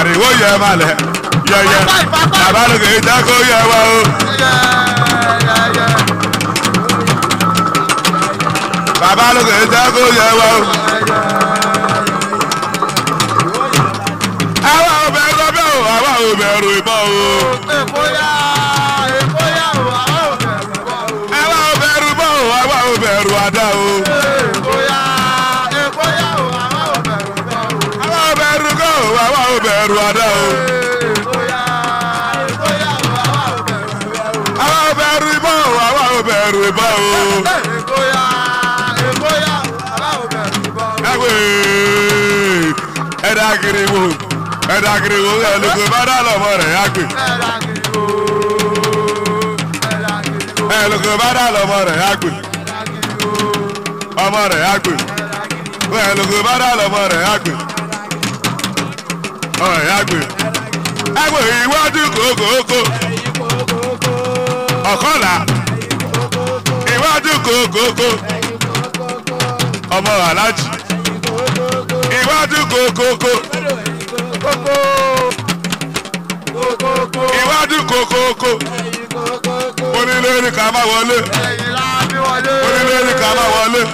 ariwo yẹ ma lẹ yẹyẹ babalóge ìdáko yẹ wa o. babalóge ìdáko yẹ wa o. àwa ò bẹ̀rù ọbẹ̀ o àwa ò bẹ̀rù ìbọn o. àwa ò bẹ̀rù ìbọn o àwa ò bẹ̀rù àdá o. ẹ̀dàgìrìwò ẹ̀dàgìrìwò ẹ̀lògbè bá dà lọ́mọ rẹ̀ yàgbé. ẹ̀lògbè bá dà lọ́mọ rẹ̀ yàgbé. ọmọ rẹ̀ yàgbé. ẹ̀lògbè bá dà lọ́mọ rẹ̀ yàgbé. ọ̀rẹ́ yàgbé. ẹgbẹ́ ìwádìí kòókòókò. ọ̀kọ́là ìwádìí kòókòókò. ọmọ aláàjì iwájú kokoko. iwájú kokoko. onílé ní ká má wọlé. onílé ní ká má wọlé.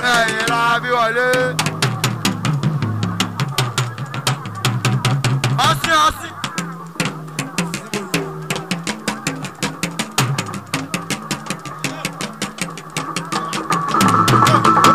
Thank you.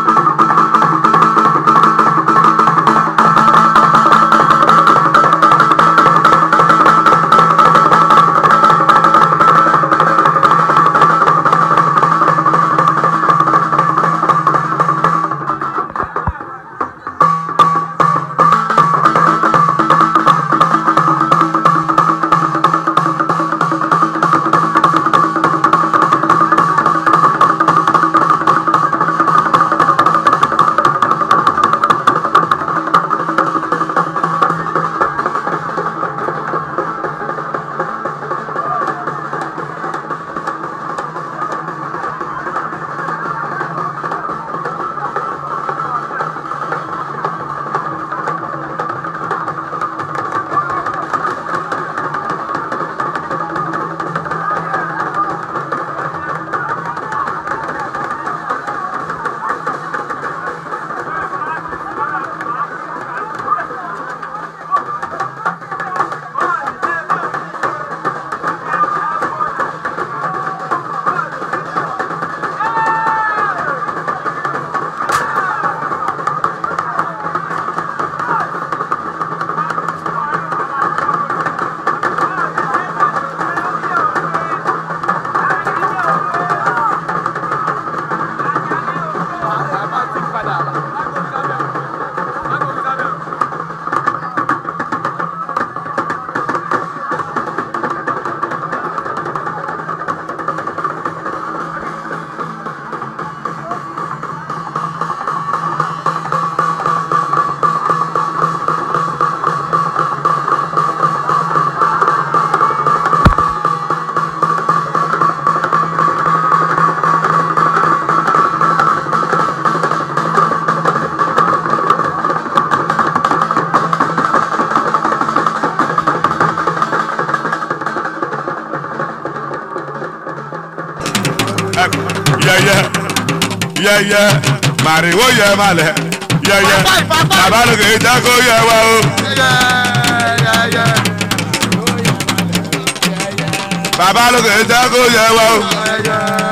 yẹyẹ yẹyẹ màrìwò yẹ malẹ yẹyẹ babalóge ìdáko yẹ wa o. babalóge ìdáko yẹ wa o.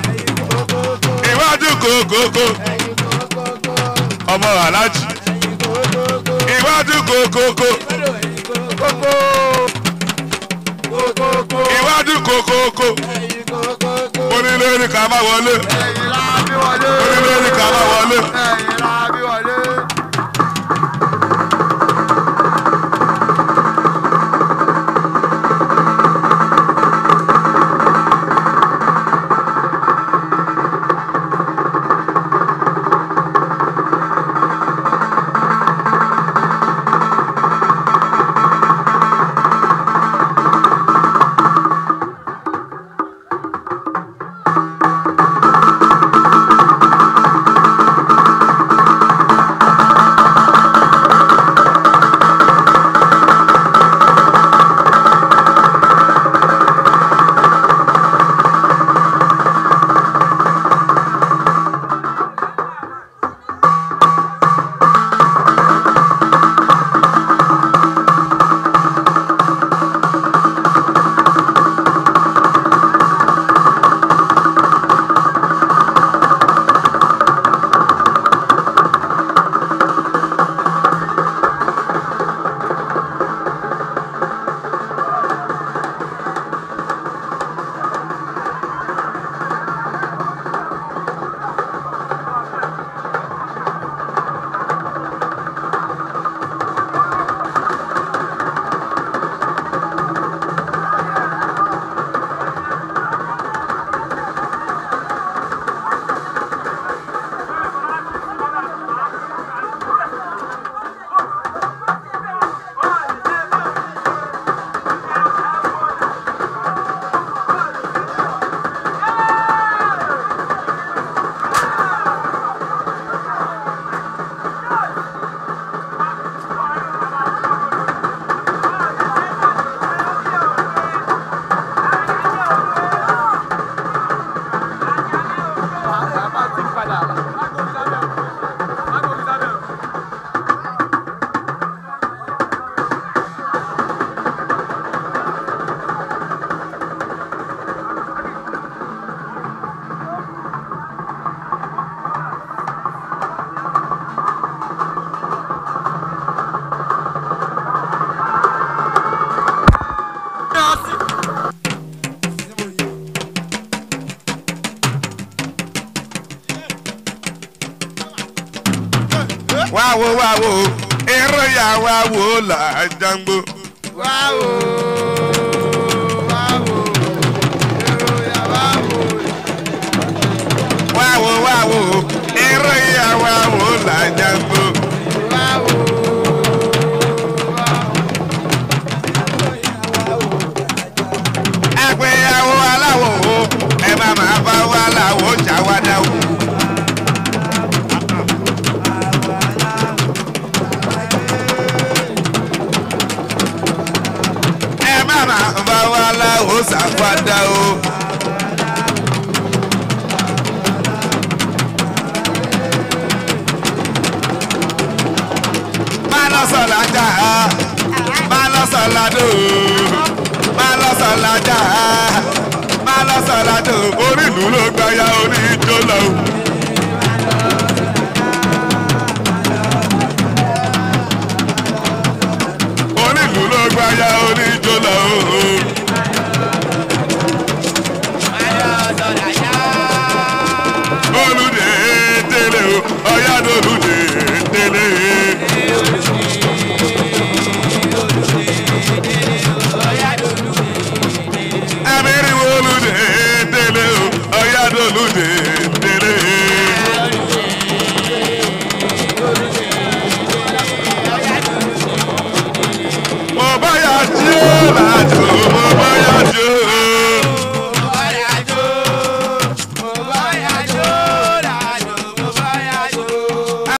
Go go kókókó ọmọ go ìwádìí Go go go! onílé ní ká má wọlé onílé ní ká má wọlé. wáwo wáwo eré yà wáwo là ń jàngbó. wáwo. aya oníjó la o. onílù ló gbaya oníjó la o.